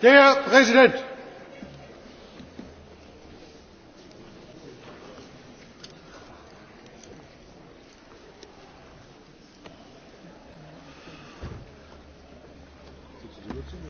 Der Präsident!